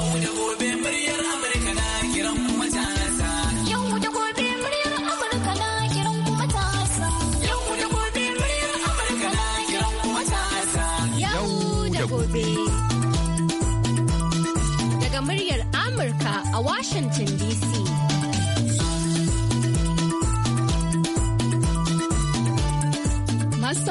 the boy been.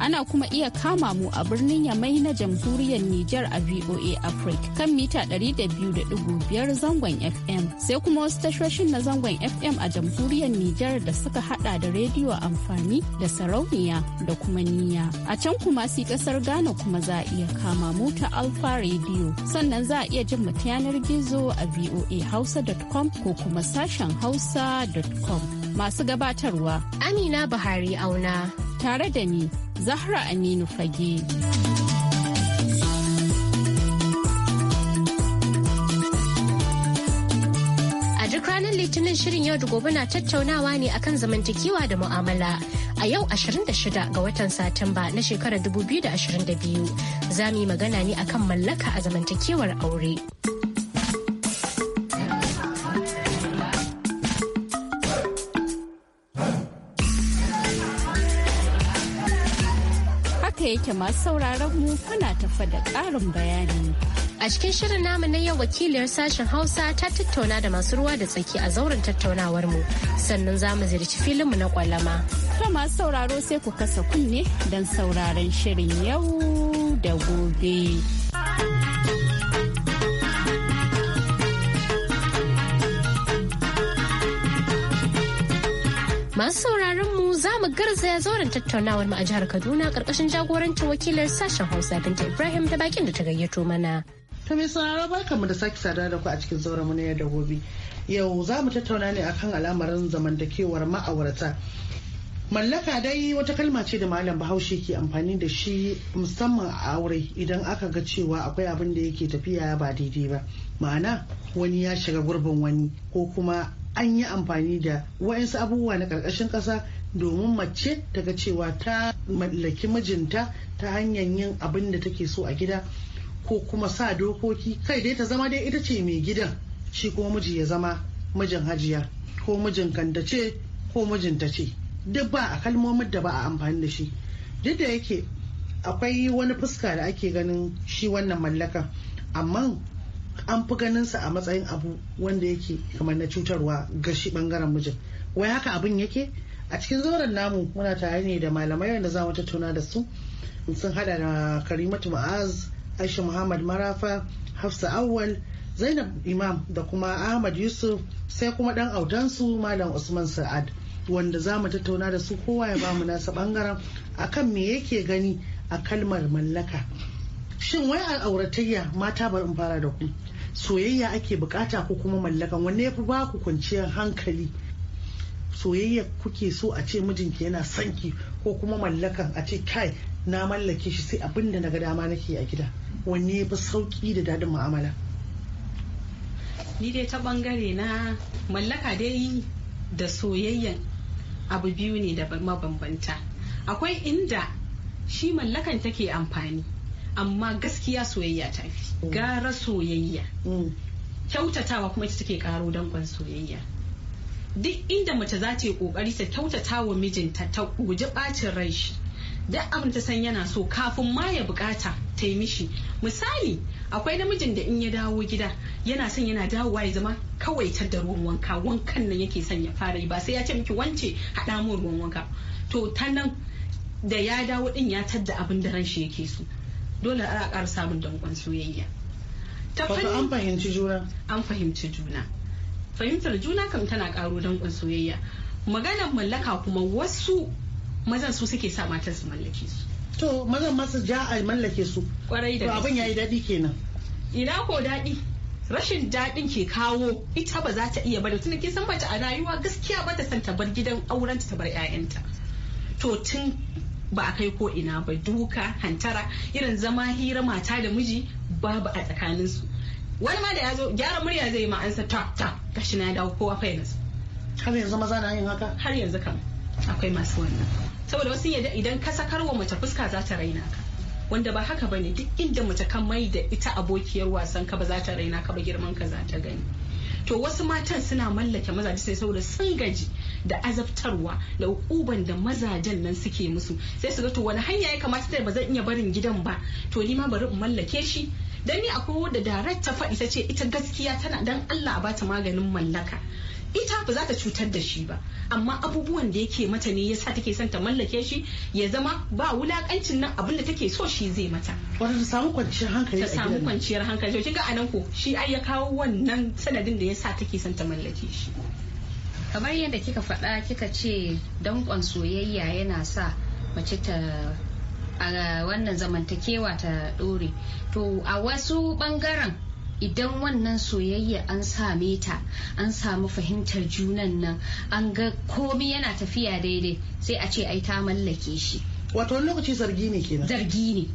Ana kuma iya kama mu a birnin Yamai na jamhuriyar Nijar a VOA Africa kan mita 200.5 zangon FM. Sai kuma wasu tashoshin na zangon FM a jamhuriyar Nijar da suka hada da rediyo amfani da sarauniya da kuma niya. A can kuma si kasar Ghana kuma za a iya kama mu ta Alfa Radio. Sannan za a iya jin mu ta yanar gizo a voahausa.com ko kuma sashen hausa.com. Masu gabatarwa Amina Buhari auna. tare da ni Zahra Aminu Fage. A duk ranar Litinin shirin yau da gobe na tattaunawa ne akan zamantakewa da mu'amala. A yau 26 ga watan Satumba na shekarar 2022 za mu yi magana ne akan mallaka a zamantakewar aure. yake masu sauraron mu kuna tafa da ƙarin bayani. A cikin shirin namu na yau wakiliyar sashen Hausa ta tattauna da masu ruwa da tsaki a zauren tattaunawar mu sannan za mu filin mu na kwalama. To masu sauraro sai ku kasa kunne don sauraron shirin yau da gobe. Masu sauraron za mu garzaya zauren tattaunawar mu a jihar Kaduna karkashin jagorancin wakilin sashen Hausa Binta Ibrahim da bakin da ta gayyato mana. To mai sauraro barka mu da sake sada da ku a cikin zauren mu na yau da gobe. Yau za mu tattauna ne akan al'amarin zamantakewar ma'aurata. Mallaka dai wata kalma ce da malam Bahaushe ke amfani da shi musamman a aure idan aka ga cewa akwai abin da yake tafiya ba daidai ba. Ma'ana wani ya shiga gurbin wani ko kuma an yi amfani da wa'insu abubuwa na ƙarƙashin ƙasa domin mace ta ga cewa ta mallaki mijinta ta hanyar yin abin da take so a gida ko kuma sa dokoki kai dai ta zama dai ita ce mai gidan shi ko miji ya zama mijin hajiya ko mijin kanta ce ko mijinta ce duk ba a kalmomin da ba a amfani da shi duk da yake akwai wani fuska da ake ganin shi wannan mallaka amma an fi ganin sa a matsayin abu wanda yake kamar na cutarwa ga shi bangaren mijin wai haka abin yake a cikin zauren namu muna tare ne da malamai wanda za mu tattauna da su sun hada da karimatu ma'az aisha muhammad marafa hafsa awwal zainab imam da kuma ahmad yusuf sai kuma dan audansu malam usman sa'ad wanda za mu tattauna da su kowa ya bamu nasa bangaren akan me yake gani a kalmar mallaka shin wai a auratayya mata bari in fara da ku soyayya ake bukata ko kuma mallakan wanne ya fi ba ku kwanciyar hankali soyayya kuke so a ce mijinki yana sanki ko kuma mallakan a ce kai na mallake shi sai abin da na ga dama nake a gida wanne ya fi sauki da dadin ma'amala. ni dai ta bangare na mallaka dai da soyayyan abu biyu ne da mabambanta akwai inda shi mallakan take amfani amma gaskiya soyayya ta fi mm. gara soyayya mm. kyautatawa kuma ita take karo dankon soyayya duk inda mace za ta yi kokari ta kyautata wa mijinta ta guji bacin rai shi duk abin ta san yana so kafin ma ya bukata ta yi mishi misali akwai namijin da in ya dawo gida yana son yana dawowa ya zama kawai ta da ruwan wanka wankan nan yake son ya fara yi ba sai ya ce miki wance haɗa mu ruwan wanka to ta nan da ya dawo din ya tadda abin da ran shi yake so dole a ƙara samun dankon soyayya ta an fahimci juna an fahimci juna fahimtar juna kam tana karo dankon soyayya maganar mallaka kuma wasu mazan su suke sa matar su mallake su to mazan masu ja a mallake su kwarai da abin yayi daɗi kenan ina ko daɗi rashin daɗin ke kawo ita ba za ta iya bari da ke san mace a rayuwa gaskiya ba ta san ta bar gidan aurenta ta bar 'ya'yanta to tun ba a kai ko ina ba duka hantara irin zama hira mata da miji babu a tsakaninsu wani ma da ya zo gyara murya zai ma an sa ta ta gashi na dawo kowa fa yanzu har yanzu maza na yin haka har yanzu kan akwai masu wannan saboda wasu yadda idan ka sakar wa mace fuska za ta raina ka wanda ba haka bane duk inda mace kan mai da ita abokiyar wasan ka ba za ta raina ka ba girman ka za ta gani to wasu matan suna mallake mazaje sai saboda sun gaji da azabtarwa da ukuban da mazajen nan suke musu sai su ga to wani hanya ya kamata ta ba zan iya barin gidan ba to ni ma bari in mallake shi dan ni akwai wanda direct ta faɗi ta ce ita gaskiya tana dan Allah a bata maganin mallaka ita ba za ta cutar da shi ba amma abubuwan da yake mata ne yasa take son ta mallake shi ya zama ba wulakancin nan abin da take so shi zai mata wanda ta samu kwanciyar hankali ta samu kwanciyar hankali to ga anan ko shi ai ya kawo wannan sanadin da yasa take son ta mallake shi kamar yadda kika faɗa kika ce danƙon soyayya yana sa mace ta a wannan zamantakewa ta dore to a wasu ɓangaren idan wannan soyayya an same ta an samu fahimtar junan nan an ga komi yana tafiya daidai sai a ce ai ta mallake shi wato wani lokaci zargi ne kenan zargi ne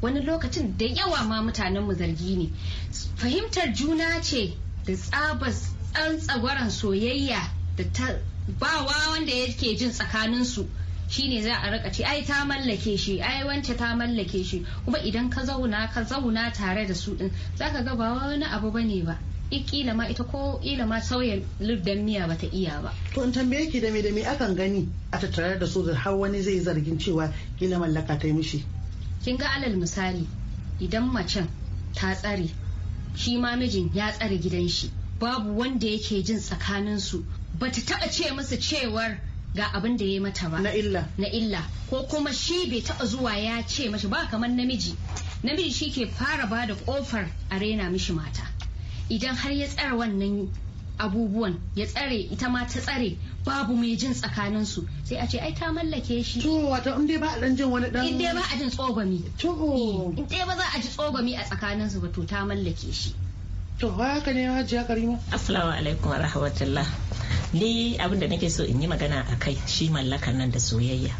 wani lokacin da yawa ma mutanen mu zargi ne fahimtar juna ce da tsabar tsantsagwaran soyayya da ta ba wanda yake jin tsakaninsu shine za a rika ce ai ta mallake shi ai wance ta mallake shi kuma idan ka zauna ka zauna tare da su din zaka ga ba wani abu bane ba ikila ma ita ko ila ma sauya lubdan miya bata iya ba. To in tambaye ki da me da me akan gani a tattare da su da har wani zai zargin cewa kila mallaka ta yi mishi. Kin ga alal misali idan macen ta tsare shi ma mijin ya tsare gidan shi babu wanda yake jin tsakanin su bata taɓa ce musu cewar ga abin da ya mata ba na illa na illa ko kuma shi bai taɓa zuwa ya ce mashi ba kamar namiji namiji shi ke fara ba da ƙofar a rena mishi mata idan har ya tsara wannan abubuwan ya tsare ita ma ta tsare babu mai jin tsakanin su sai a ce ai ta mallake shi to wato in dai ba a dan jin wani dan in dai ba a jin tsogami to eh, in dai ba za a ji tsogami a tsakanin su ba to ta mallake shi to haka ne hajiya karima assalamu alaikum wa rahmatullah ni abin da nake so in yi magana a kai shi mallakan nan da soyayya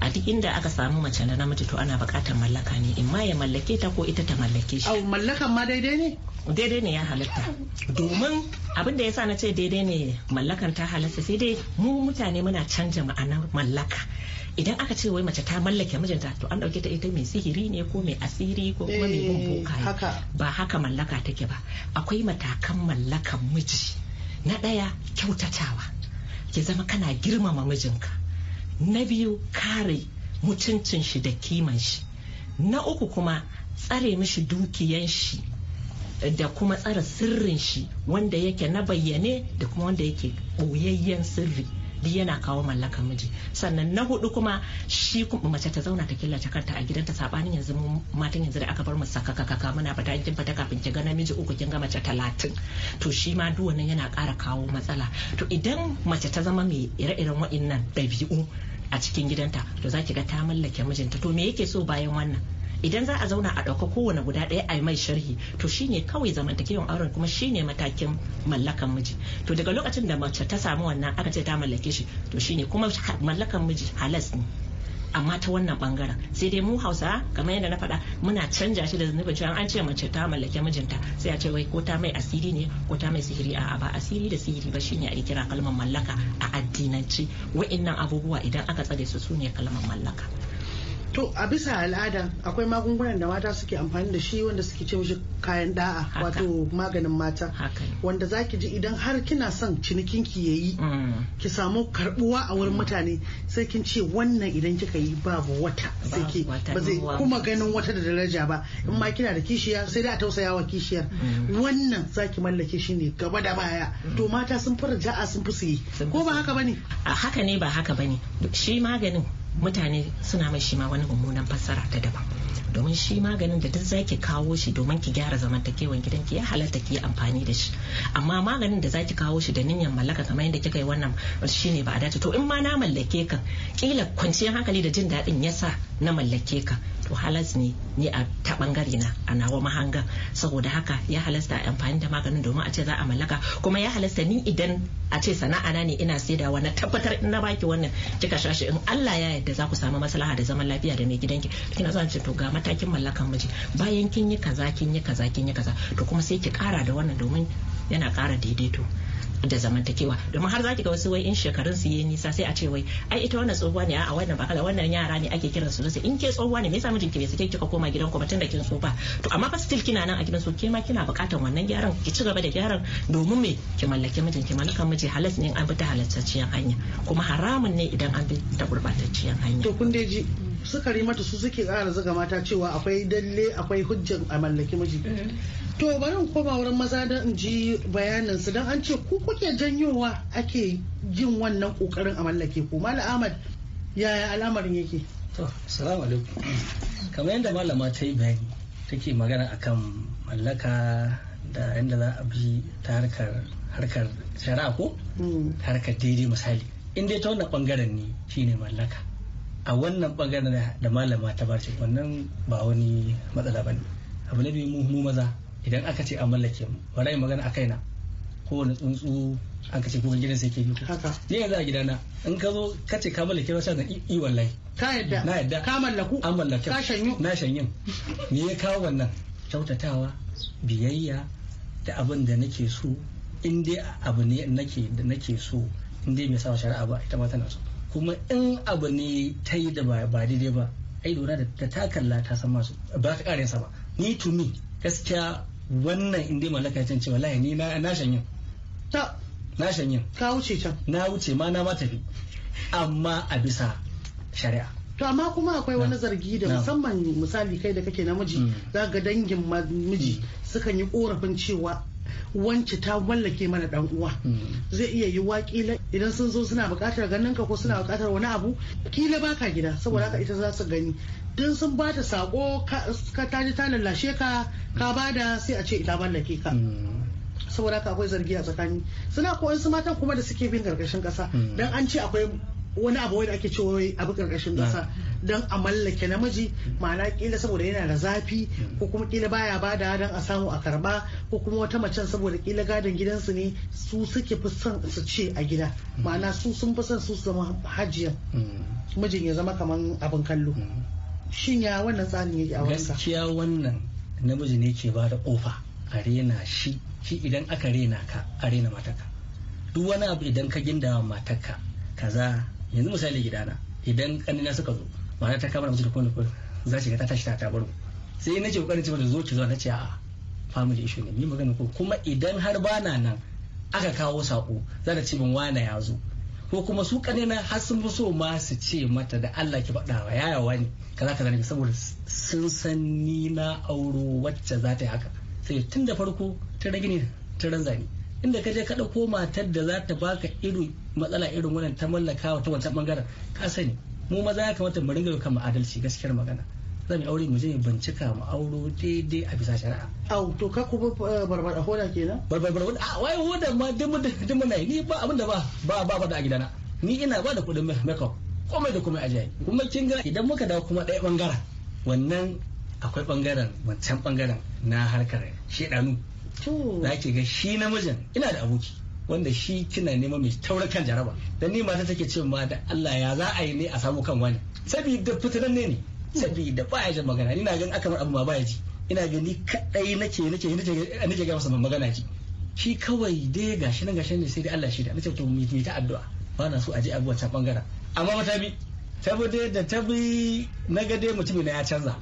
a duk inda aka samu mace da namiji to ana bukatar mallaka ne in ma ya mallake ta ko ita ta mallake shi. Au mallakan ma daidai ne? Daidai ne ya halatta. Domin abin da ya sa na ce daidai ne mallakan ta halatta sai dai mu mutane muna canja ma'anar mallaka. Idan aka ce wai mace ta mallake mijinta to an dauke ta ita mai sihiri ne ko mai asiri ko kuma mai bin eh, boka Ba haka mallaka take ba. Akwai matakan mallakan miji. na ɗaya kyautatawa ki zama kana girmama mijinka na biyu kare mutuncin shi da kiman shi na uku kuma tsare mishi dukiyan shi da kuma tsare sirrin shi wanda yake na bayyane da kuma wanda yake ɓoyayyen sirri duk yana kawo mallaka miji sannan na hudu kuma shi mace ta zauna ta killace kanta a gidanta sabanin yanzu mu matan yanzu da aka bar mu saka sakakakaka muna fata kin fata kafin ki ga namiji uku kin ga mace talatin to shi ma duk wannan yana ƙara kawo matsala to idan mace ta zama mai ire-iren waɗannan ɗabi'u a cikin gidanta to za ki ga ta mallake mijinta to me yake so bayan wannan idan za a zauna a ɗauka kowane guda ɗaya a yi mai sharhi to shine kawai zamantakewan auren kuma shine matakin mallakan miji to daga lokacin da mace ta samu wannan aka ce ta mallake shi to shine kuma mallakan miji halas ne amma ta wannan bangaren sai dai mu hausa kamar yadda na faɗa muna canja shi da zunubin cewa an ce mace ta mallake mijinta sai a ce wai ko ta mai asiri ne ko ta mai sihiri a ba asiri da sihiri ba shine a kira kalmar mallaka a wa'in nan abubuwa idan aka tsare su su ne kalmar mallaka To a bisa al'ada akwai magungunan da mata suke amfani da shi wanda suke ce mishi kayan da'a wato maganin mata. Wanda zaki ji idan har kina son cinikin ki yayi mm. ki samu karbuwa a wurin mm. mutane sai kin ce wannan idan kika yi babu wata sai ki ba zai kuma ganin wata da daraja ba in ma kina da kishiya sai dai a tausayawa kishiyar mm. wannan zaki mallake shi ne gaba da baya to mata sun fara ja'a sun fi ko ba haka bane haka ne ba haka bane shi maganin mutane suna mai shi ma wani mummunan fassara ta daban domin shi maganin da duk zaki kawo shi domin ki gyara zamantakewan ki ya halatta ki yi amfani da shi amma maganin da zaki kawo shi da niyyar mallaka kamar yadda kika yi wannan shine ba a dace to in ma na mallake ka kila kwanciyar hankali da jin daɗin ya sa. na mallake ka to halas ne ni a ta bangare na a nawa mahanga saboda haka ya halasta amfani da maganin domin a ce za a mallaka kuma ya halasta ni idan a ce sana'a na ne ina sai da na tabbatar in na baki wannan kika shashi in Allah ya yarda za ku samu maslaha da zaman lafiya da mai gidanki kina zan ce to ga matakin mallakan miji bayan kin yi kaza kin yi kaza kin yi kaza to kuma sai ki kara da wannan domin yana kara daidaito da zamantakewa domin har zaki ga wasu wai in shekarun su yi nisa sai a ce wai ai ita wannan tsohuwa ne a wannan bakala wannan yara ne ake kiran su in ke tsohuwa ne me yasa mijinki bai sake kika koma gidan ku ba tunda kin tsufa to amma fa still kina nan a gidan su ke ma kina bukatar wannan gyaran ki ci gaba da gyaran domin me ki mallaki mijinki mallakan miji halas ne an bi ta halastacciyar hanya kuma haramun ne idan an bi ta gurbatacciyar hanya to kun dai ji sukari mata su suke kara zuga mata cewa akwai dalle akwai hujjan a mallaki miji mm-hmm. to bari in koma wurin maza don in ji bayanin su don an ce ku kuke janyowa ake jin wannan kokarin a mallake ko mala ahmad yaya al'amarin yake to assalamu alaikum kamar yadda malama ta yi bayani take magana akan mallaka da yadda za a bi ta harkar harkar shari'a ko hmm. harkar daidai misali in dai ta wannan bangaren ne shine mallaka a wannan bangaren da malama ta bace wannan ba wani matsala bane abu na biyu mu maza idan aka ce a mallake mu warai magana a kaina kowane tsuntsu an kace ko gidan sai ke yi haka ni yanzu a gidana in ka zo ka ce ka mallake rasha da i wallahi ka yadda na yadda ka mallaku an mallake ka shanyu na shanyin me ya kawo wannan kyautatawa biyayya da abin da nake so in dai abu ne nake da nake so in dai mai sawa shari'a ba ita ma tana so kuma in abu ne ta yi da ba daidai ba ai lura da ta kalla ta san masu ba ta karin sa ba ni to me gaskiya wannan in dai mallaka ya ce wallahi ni na shanyin ta na shanyin ka wuce can na wuce ma na ma bi amma a bisa shari'a to amma kuma akwai wani zargi da musamman misali kai da kake namiji hmm. za ga dangin miji hmm. sukan yi korafin cewa wance ta mallake mana dan uwa hmm. zai iya yi kila idan sun zo suna bukatar ganin ka ko suna bukatar wani abu kila baka gida saboda haka ita za su gani don sun ba ta sako ka ta ta lallashe ka ka bada sai a ce ita mallake ka saboda haka akwai zargi a tsakani suna ko su matan kuma da suke bin karkashin kasa hmm. dan an ce akwai wani abu wanda ake cewa abu karkashin kasa hmm. don a mallake namiji hmm. ma'ana kila saboda yana da zafi ko kuma kila baya bada don a samu a karba ko kuma wata macen saboda kila gadon gidansu ne su suke fi son su ce a gida ma'ana su sun fi son su zama hajiyan mijin ya zama kaman abin kallo shin ya wannan tsarin yake a wanka gaskiya wannan namiji ne ke ba da kofa A rena shi shi idan aka rena ka a rena mataka duk wani abu idan ka ginda mataka kaza yanzu misali gidana idan kanina suka zo mata ta kama mutum da kone za shi ta tashi ta tabaru sai na ce kokarin cewa da zo ki zo na ce a'a family issue ne ni magana ko kuma idan har bana nan aka kawo sako za ta ce min wani ya zo ko kuma su kanina har sun fi so ma su ce mata da Allah ki faɗa wa yaya wani kaza kaza ne saboda sun san ni na auro wacce za ta yi haka sai tun da farko ta rage ne ta ranza ne inda ka je ka ɗauko matar da za ta baka irin matsala irin wannan ta mallaka ta wancan bangaren ka sani mu maza ya kamata mu ringa kan adalci gaskiyar magana zan yi aure mu je bincika mu auro daidai a bisa shari'a. Au to ka kuma eh, barbada hoda kenan? Barbada hoda a wai hoda ma duk muna ni ba abin da ba ba ba da a gidana ni ina ba da kuɗin makeup komai da komai a jiya kuma kin ga idan muka dawo kuma ɗaya bangaren wannan akwai bangaren wancan bangaren na harkar shedanu za zaki ga shi namijin ina da aboki wanda shi kina neman mai taurin kan jaraba dan ni mata take ce ma da Allah ya za a yi ne a samu kan wani saboda fitinan ne ne saboda ya ji magana ina gan aka mar abu ma baya ji ina gani kadai nake nake nake ga masa magana ji shi kawai dai gashi nan gashi ne sai dai Allah shi da nake to mu ta addu'a ba na so a ji abu wancan bangaren amma mata bi saboda da ta bi na ga dai mutum na ya canza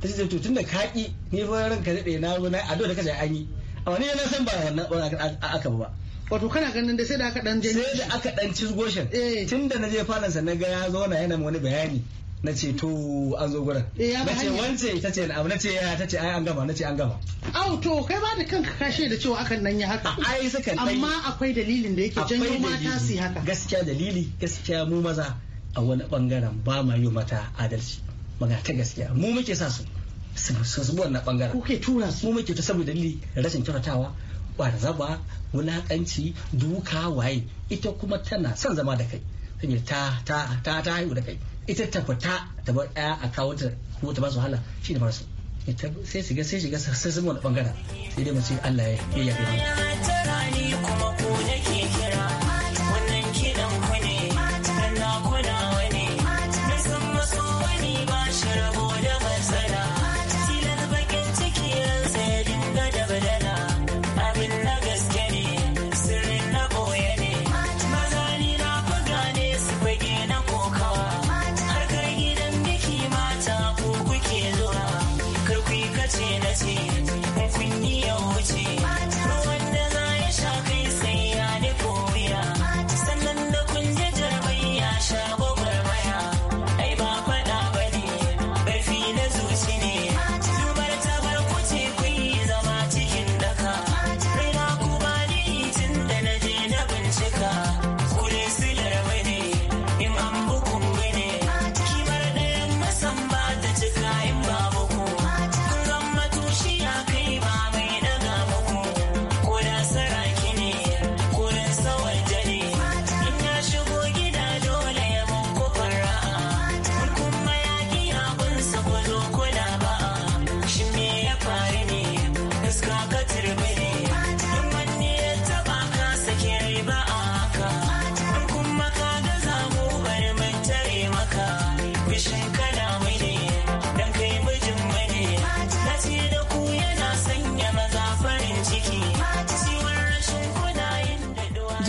ta ce to tun da kaki ni fa ranka dade na na ado da kace an yi amma ni na san ba wannan aka ba wato kana ganin da sai da aka dan je sai da aka dan ci goshen eh. tun da na je falon sa na ga ya zo na yana wani bayani na ce to an zo gurin eh, na ce wance ta ce na ce ya ta ce ai an gama na ce an gama au to kai ba da kanka ka da cewa akan nan ya haka ai dai. amma akwai dalilin da yake janyo mata su haka gaskiya dalili gaskiya mu maza a wani bangaren ba ma yi mata adalci magana ta gaskiya mu muke sa su su zuwa na bangaren kuke tura su mu muke ta saboda dalili rashin kyautatawa kwarzaba wulakanci duka waye ita kuma tana son zama da kai sanya ta ta ta ta haihu da kai ita ta fita ta bar ɗaya a kawo ta ko ta ba su wahala shi da marasu sai shiga sai shiga sai sun wani bangaren sai dai mu ce Allah ya yabe mu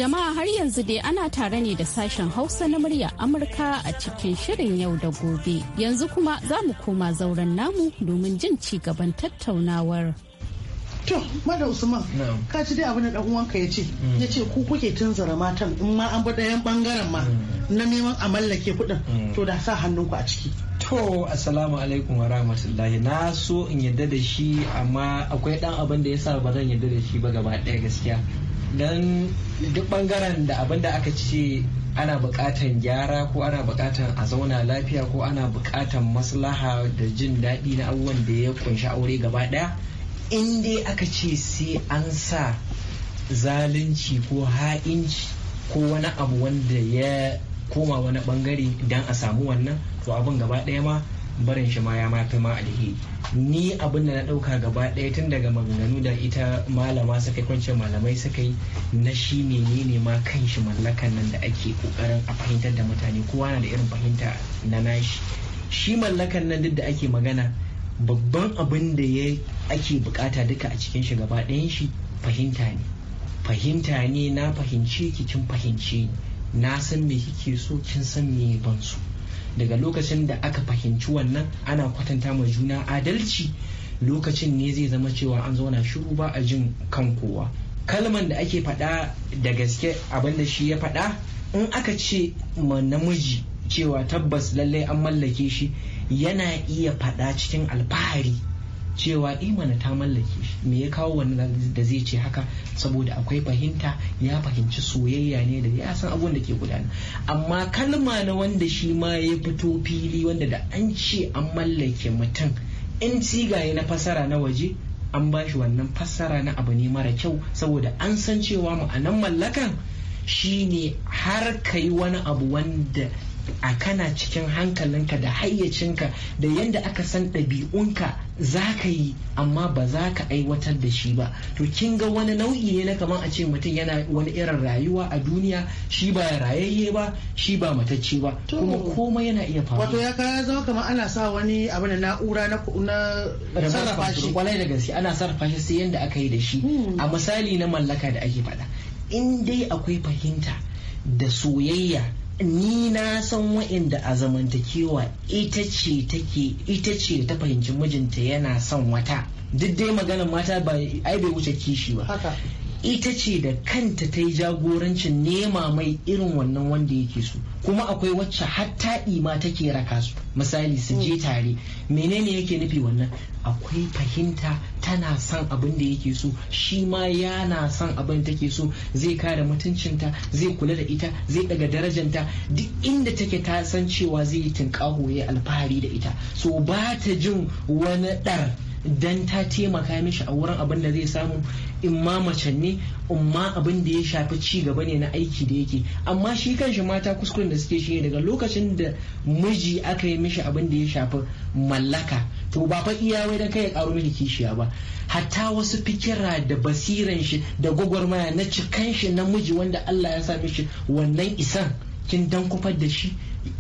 Jama'a har yanzu dai ana tare ne da sashen Hausa na murya Amurka a cikin shirin yau da gobe. Yanzu kuma za mu koma zauren namu domin jin ci gaban tattaunawar. To, Mada Usman, ka ci dai abin da ɗan uwanka ya ce, mm. ya ce ku kuke tunzara matan in ma an bi ɗayan bangaren ma mm. na neman a mallake kuɗin mm. to da sa hannunku a ciki. To, assalamu alaikum wa rahmatullahi. Na so in yadda da shi amma akwai ɗan abin da ya sa ba zan yadda da shi ba gaba ɗaya gaskiya. dan duk bangaren da abin da aka ce ana bukatan gyara ko ana bukatan a zauna lafiya ko ana bukatan maslaha da jin daɗi na abubuwan da ya kunshi aure gaba ɗaya in dai aka ce sai an sa zalunci ko ha'inci ko wani abu wanda ya koma wani bangare don a samu wannan to abin gaba ɗaya ma barin shi ma ya mafi ma alheri ni abin da na ɗauka gaba ɗaya tun daga maganganu da ita malama suka kwance malamai suka yi na shi ne ne ma kan shi mallakan nan da ake kokarin a fahimtar da mutane kowa na da irin fahimta na nashi shi mallakan nan duk da ake magana babban abin da ya ake bukata duka a cikin shi gaba ɗayan shi fahimta ne fahimta ne na fahimce ki kin fahimce na san me kike so kin san me ban so daga lokacin da aka fahimci wannan ana kwatanta ma juna adalci lokacin ne zai zama cewa an zauna shiru ba a jin kan kowa kalman da ake faɗa da gaske abinda shi ya faɗa in aka ce ma namiji cewa tabbas lallai an mallake shi yana iya faɗa cikin alfahari cewa imana eh ta mallake shi me ya kawo wani da zai ce haka saboda akwai fahimta ya fahimci soyayya ne da ya san abun da ke gudana amma kalma na wanda shi ma ya fito fili wanda da an ce an mallake mutum in cigaye na fasara na waje an ba shi wannan fasara na abu ne mara kyau saboda an san cewa ma'anan mallakan shi ne har ka yi wani abu wanda a kana cikin hankalinka da hayyacinka da yadda aka san ɗabi'unka za ka yi amma ba za ka aiwatar da shi ba to kin ga wani nau'i ne na kamar a ce mutum yana wani irin rayuwa a duniya shi ba rayayye ba shi ba matacce ba kuma komai yana iya faruwa wato ya kaya zama kamar ana sa wani abu na na'ura na sarrafa shi kwalai da gaske ana sarrafa shi sai yadda aka yi da shi hmm. a misali na mallaka da ake faɗa in dai akwai fahimta da soyayya ni na san wa'inda a zamantakewa ita ce take ita ce ta fahimci mijinta yana son wata duk dai maganar mata ba ai bai wuce kishi ba ita ce da kanta ta yi jagorancin nema mai irin wannan wanda yake so kuma akwai wacce hatta ima take raka su misali su je hmm. tare menene yake nufi wannan akwai fahimta tana son abin da yake so shi ma yana son abin da take so zai kare mutuncinta zai kula da ita zai daga darajanta duk inda take ta san cewa zai yi tunƙaho ya alfahari da ita so ba ta jin wani ɗar dan ta taimaka mishi a wurin abin da zai samu in ma ne in ma abin da ya shafi ci gaba ne na aiki da yake amma shi kanshi mata kuskuren da suke shi daga lokacin da miji aka yi mishi abin da ya shafi mallaka to ba fa iya wai dan kai ya karo miki kishiya ba hatta wasu fikira da basiran shi da gwagwarmaya na cikan shi na miji wanda Allah ya sa mishi wannan isan kin dan kufar da shi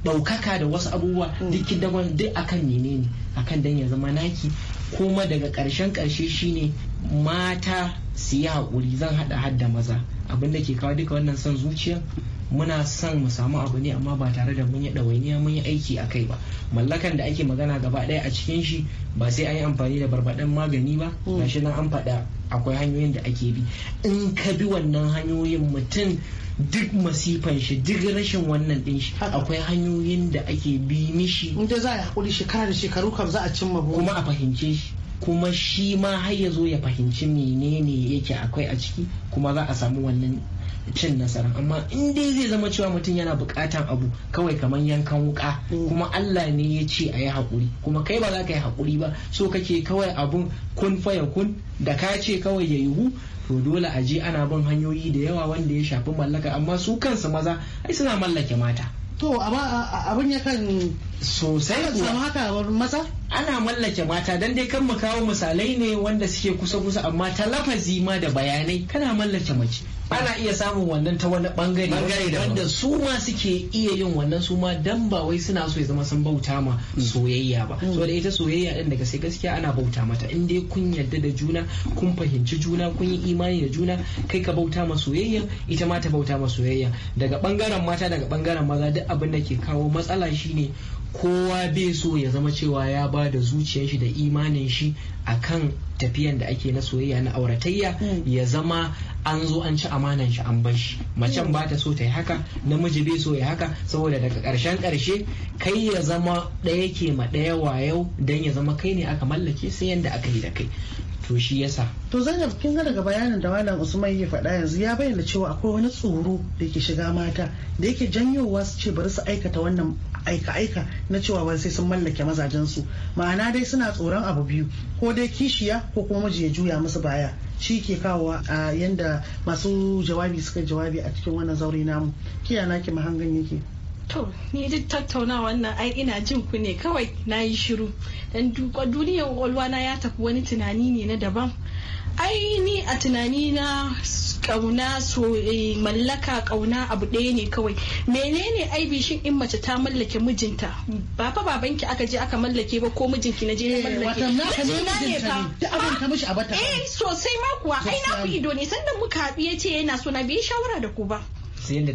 daukaka da wasu abubuwa duk kin duk akan menene akan dan ya zama naki kuma daga karshen karshe shine mata su yi haƙuri zan haɗa hadda maza abinda ke kawo duka wannan son zuciya muna son mu samu abu ne amma ba tare da mun yi ɗawainiya mun yi aiki a kai ba mallakan da ake magana gaba ɗaya a cikin shi ba sai an yi amfani da barbaɗan magani ba mm. gashi nan an faɗa akwai hanyoyin da ake bi in ka bi wannan hanyoyin mutum duk masifan shi duk rashin wannan din shi akwai hanyoyin da ake bi mishi inda za a hakuri shekara da shekaru kam za a cimma kuma a fahimce shi kuma shi ma har ya zo ya fahimci menene yake akwai a ciki kuma za a samu wannan cin nasara amma in dai zai zama cewa mutum yana bukatan abu kawai kamar yankan wuka mm. kuma Allah ne ya ce a yi haƙuri kuma kai ba za ka yi haƙuri ba so kake kawai abun kun faya kun da ka ce kawai ya yiwu to dole a je ana bin hanyoyi da yawa wanda ya shafi mallaka amma su kansu maza ai suna mallake mata to abin ya kan sosai kuwa haka a maza ana mallake mata dan dai kan mu kawo misalai ne wanda suke kusa kusa amma ta lafazi ma da bayanai kana mallake mace ana iya samun wannan ta wani bangare wanda su ma suke iya yin wannan su ma dan ba wai suna so ya zama sun bauta ma mm. soyayya ba mm. So da ita soyayya din daga sai gaskiya ana bauta mata in dai kun yarda da juna kun fahimci juna kun yi imani da juna kai ka bauta ma soyayya ita ma ta bauta ma soyayya daga bangaren mata daga bangaren maza duk abin da ke kawo matsala shine kowa bai so ya zama cewa ya ba da zuciyar shi da imanin shi a kan tafiyan da ake na soyayya na auratayya hmm. ya zama an zo an ci amanan shi an bar shi macen hmm. ba ta so ta yi haka namiji bai so ya haka saboda daga karshen karshe kai ya zama ɗaya ke ma ɗaya wayau don ya zama kai ne aka mallake sai yanda aka yi da kai to shi yasa to zainab kin ga daga bayanin da malam usman ya faɗa yanzu ya bayyana cewa akwai wani tsoro da ke shiga mata da yake janyowa su ce bari su aikata wannan aika-aika na cewa ba sai sun mallake mazajen su ma'ana dai suna tsoron abu biyu ko dai kishiya ko kuma miji ya juya musu baya shi ke kawo a yanda masu jawabi suka jawabi a cikin wannan zaure namu kiyana ki mahangan yake To, ni duk tattauna wannan ai ina jin ku ne kawai na yi shiru. Dan duniyar kwakwalwa na ya tafi wani tunani ne na daban. Ai ni a tunani na kauna so eh, mallaka kauna abu ɗaya ne kawai. Menene bi shi in mace ta mallake mijinta? Ba fa babanki aka je aka mallake ba ko mijinki na je na eh, mallake. na ne ta. Da abin ta mishi a bata. Ah, eh sosai ma kuwa ai na ku ido ne sanda muka haɗu ya ce yana so na bi shawara da ku ba. sai yadda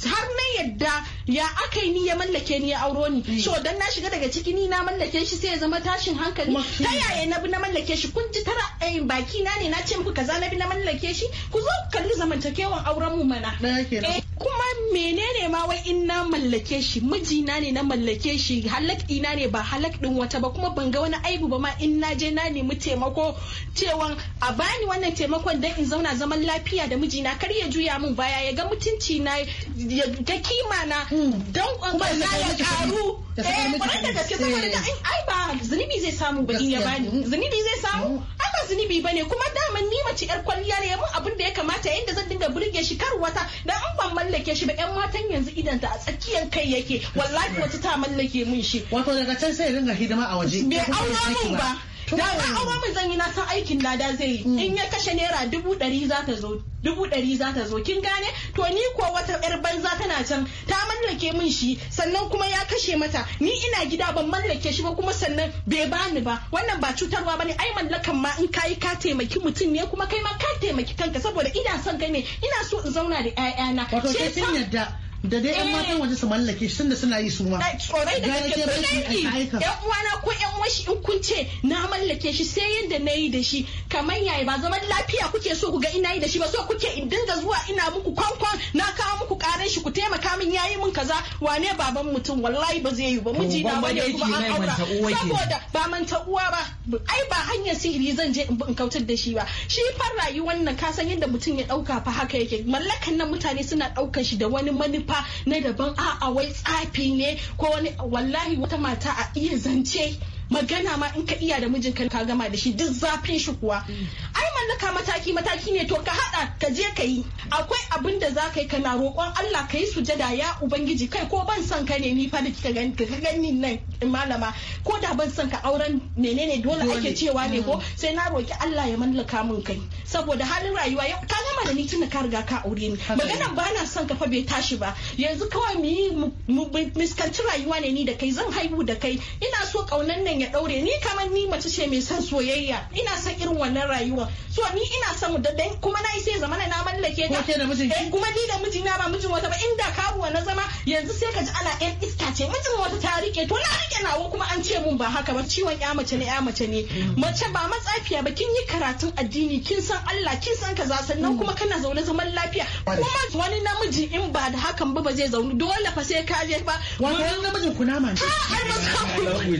ta yi da ya aka yi ni ya mallake ni ya auro ni mm. so dan na shiga daga ciki ni na mallake shi sai ya zama tashin hankali ta yaya na bi na mallake shi kun ji tara eh, baki na ne na ce muku kaza na bi na mallake shi ku zo ku kalli zamantakewan auren mu mana eh, kuma menene ma wai in na mallake shi mijina ne na mallake shi halak ina ne ba halak din wata ba kuma ban ga wani aibu ba ma in na je na nemi taimako cewan a bani wannan taimakon dan in zauna zaman lafiya da mijina kar ya juya mun baya ya ga mutunci na ya ga kima na don kwakwalla ya karu eh kwarai da gaske saboda da eh. ai ba zunubi zai samu ba in ya bani mm. zunubi zai samu mm. ai ba zunubi bane kuma daman ni mace yar kwalliya ne mun abin da ya kamata da zan dinga burge shi kar wata dan an ban mallake shi ba yan matan yanzu idan ta a tsakiyar kai yake wallahi wata ta mallake mun shi wato daga can sai dinga hidima a waje bai aura mun ba da ka awa mai zan yi na san aikin lada zai yi mm. in ya kashe naira dubu ɗari za ta zo dubu ɗari za ta zo kin gane to ni ko wata yar banza tana can ta mallake min shi sannan kuma ya kashe mata ni ina gida ban mallake shi ba kuma sannan bai bani ba wannan ba cutarwa ne ai mallakan ma in kayi ka taimaki mutum ne kuma kai ma ka taimaki kanka saboda ina son kai ne ina so in zauna da ƴaƴana wato sai sun yadda da dai yan matan waje su mallake shi tunda suna yi su ma tsorai da kake aika yan uwana ko yan in kun ce na mallake shi sai yadda na yi da shi kamar yayi ba zaman lafiya kuke so ku ga ina yi da shi ba so kuke in dinga zuwa ina muku kwankwan na kawo muku karin shi ku taimaka min yayi min kaza wane baban mutum wallahi ba zai yi ba miji na bane kuma an aura saboda ba manta uwa ba ai ba hanyar sihiri zan je in kautar da shi ba shi fara rayuwar nan kasan yadda mutum ya dauka fa haka yake mallakan nan mutane suna daukar shi da wani manufa fa na daban a wai tsafi ne ko wani wallahi wata mata a iya zance magana ma in ka iya da mijinka ka gama da shi duk zafin shi kuwa ai mallaka mataki mataki ne to ka hada ka je ka yi akwai abin da za ka yi kana roƙon Allah ka yi sujada ya ubangiji kai ko ban son ka ne ni fa da kika gani ka gani nan malama ko da ban son ka auren menene dole ake cewa ne ko mm. sai na roki Allah ya mallaka min kai saboda halin rayuwa ka gama da ni tunda ka riga ka aure ni maganan ba na son ka fa bai tashi ba yanzu kawai mu yi miskanci rayuwa ne ni da kai zan haihu da kai ina so kaunan nan ya daure ni kamar ni mace ce mai son soyayya ina son irin wannan rayuwa so ni ina son da dan kuma na sai zamana na mallake ka eh, kuma ni da mijina ba mijin wata ba inda karuwa na zama yanzu sai ka ji ana yan iska ce mijin wata ta rike to na rike nawa kuma an ce mun ba haka ba ciwon ya mace ne ya mace ne mace ba matsafiya ba kin yi karatun addini kin san Allah kin san kaza sannan kuma kana zaune zaman lafiya kuma wani namiji in ba da hakan ba ba zai zaune dole fa sai ka je ba namijin kunama ne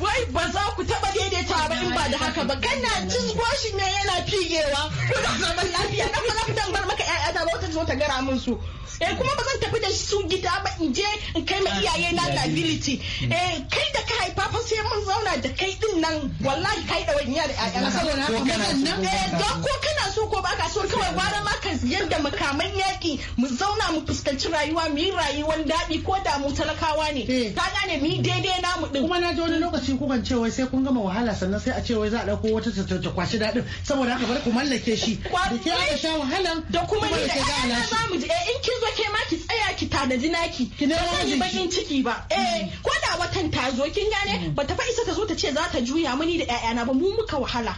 wai ba za ku taba daidaita ba in ba da haka ba kana jin ne yana figewa kuna zaman lafiya dan ba za ku maka ƴaƴa ta ba wata zo ta gara min su eh kuma ba zan tafi da su gida ba in je in kai ma iyaye na liability eh wallahi kai da ka haifa fa sai mun zauna da kai din nan wallahi kai da wani da ƴaƴan saboda haka nan eh don ko kana so ko baka so kawai gwara ma ka yadda makaman yaki mu zauna mu fuskanci rayuwa mu yi rayuwar daɗi ko da mu talakawa ne eh. ka gane mu daidai daidai namu din kuma na ji wani lokaci kukan ce wai sai kun gama wahala sannan sai a ce wai za a ɗauko wata ta kwashi daɗin saboda haka bari ku mallake shi da ke aka sha wahalan da kuma ni da ƴaƴa na mu je eh, in kin zo ke ma ki tsaya ki tanadi naki ki ne ba bakin ciki ba eh mm. ko da wata kan ta zo kin gane mm. ba ta fa isa ta zo ta ce za ta juya mani da 'ya'yana ba mu muka wahala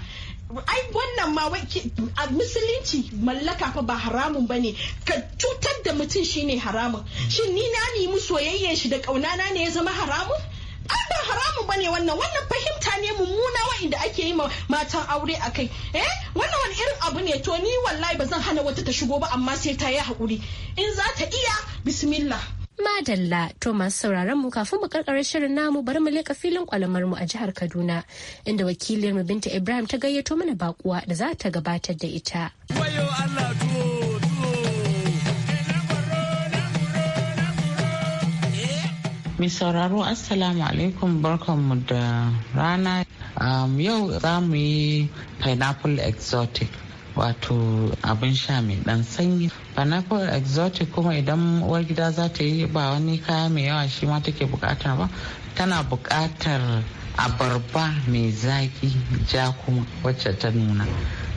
ai wannan ma a musulunci mallaka fa ba haramun bane ka cutar da mutum shine haramun mm. shin ni na nemi soyayyen shi da na ne ya zama haramun an ba haramun bane wannan wannan fahimta ne mummuna wa'inda ake yi ma matan aure a kai eh wannan wani irin abu ne to ni wallahi ba zan hana wata ta shigo ba amma sai ta yi haƙuri in za ta iya bismillah Madalla to masu sauraron mu kafin mu karkare shirin namu bari mu leka filin kwalamar mu a jihar Kaduna inda wakiliyar mu Binta Ibrahim ta gayyato mana bakuwa da za ta gabatar da ita. Wayo Mai sauraro Assalamu alaikum barkanmu da rana. yau za mu yi pineapple exotic. wato abin sha mai dan sanyi pineapple exotic kuma idan uwar gida za ta yi ba wani kaya mai yawa shi ma take bukata ba tana bukatar abarba mai zaki ja kuma wacce ta nuna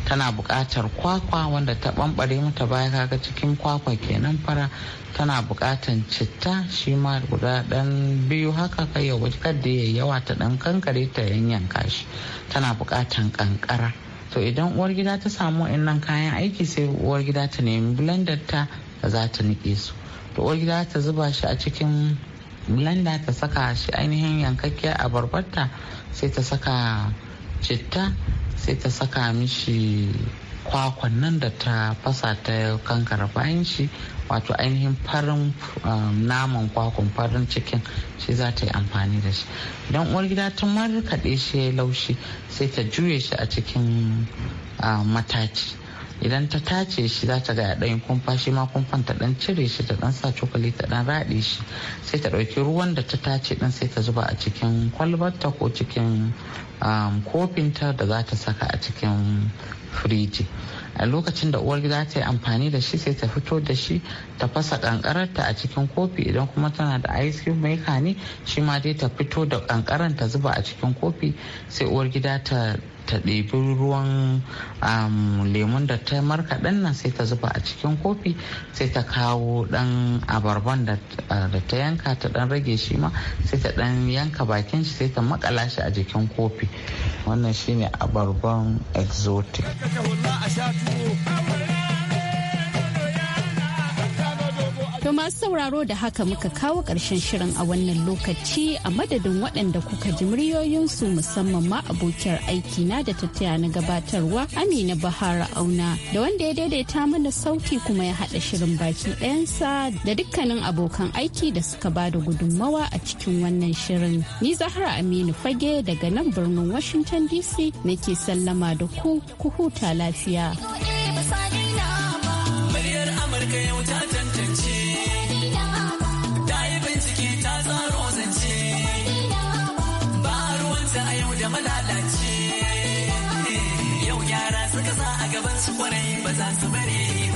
tana buƙatar kwakwa wanda ta bambare mata baya kaga cikin kwakwa kenan fara tana buƙatan citta shi ma guda dan biyu haka kai ya wuce kadda yawa ta ɗan kankare ta yanyanka shi tana bukatar ƙanƙara to idan uwar gida ta samu wa'annan kayan aiki sai uwar gida ta nemi blender ta za ta nike su to uwar gida ta zuba shi a cikin blender ta saka shi ainihin a abarbarta sai ta saka citta sai ta saka mishi kwakwan nan da ta fasa ta kankara bayan shi wato ainihin farin um, naman kwakwan farin cikin shi za ta yi amfani da shi don uwar gida ta markaɗe shi ya laushi sai ta juye shi a cikin uh, mataci idan ta tace shi za ta ga ɗayan kumfa shi ma kumfan ta ɗan cire shi ta ɗan sa cokali ta ɗan raɗe shi sai ta ɗauki ruwan da ta tace ɗin sai ta zuba a cikin kwalbarta ko cikin um, kofinta da za ta saka a cikin firiji a lokacin da uwar gida ta yi amfani da shi sai ta fito da shi ta fasa ta a cikin kofi idan kuma tana da ice cream maker ne shi ma dai ta fito da kankaran ta zuba a cikin kofi sai uwar gida ta ta ɗebi ruwan um, lemun da ta markaɗen nan sai ta zuba a cikin kofi sai ta kawo ɗan abarban da uh, ta yanka ta ɗan rage shi ma sai ta ɗan yanka bakin shi sai ta makala shi a jikin kofi wannan shine abarban exotic. To masu sauraro da haka muka kawo ƙarshen shirin a wannan lokaci a madadin waɗanda kuka ji muryoyinsu musamman ma abokiyar aiki na da tattaya na gabatarwa Amina Bahara Auna da wanda ya daidaita mana sauti kuma ya haɗa shirin baki ɗayansa da dukkanin abokan aiki da suka ba da gudunmawa a cikin wannan shirin. Ni Zahra Aminu Fage daga nan birnin Washington DC nake sallama da ku ku huta lafiya. ya malalace eh, yau yara suka sa a gaban su kwarai ba za su bare